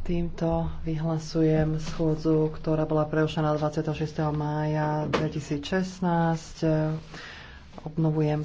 Týmto vyhlasujem schôdzu, ktorá bola prerušená 26. mája 2016. Obnovujem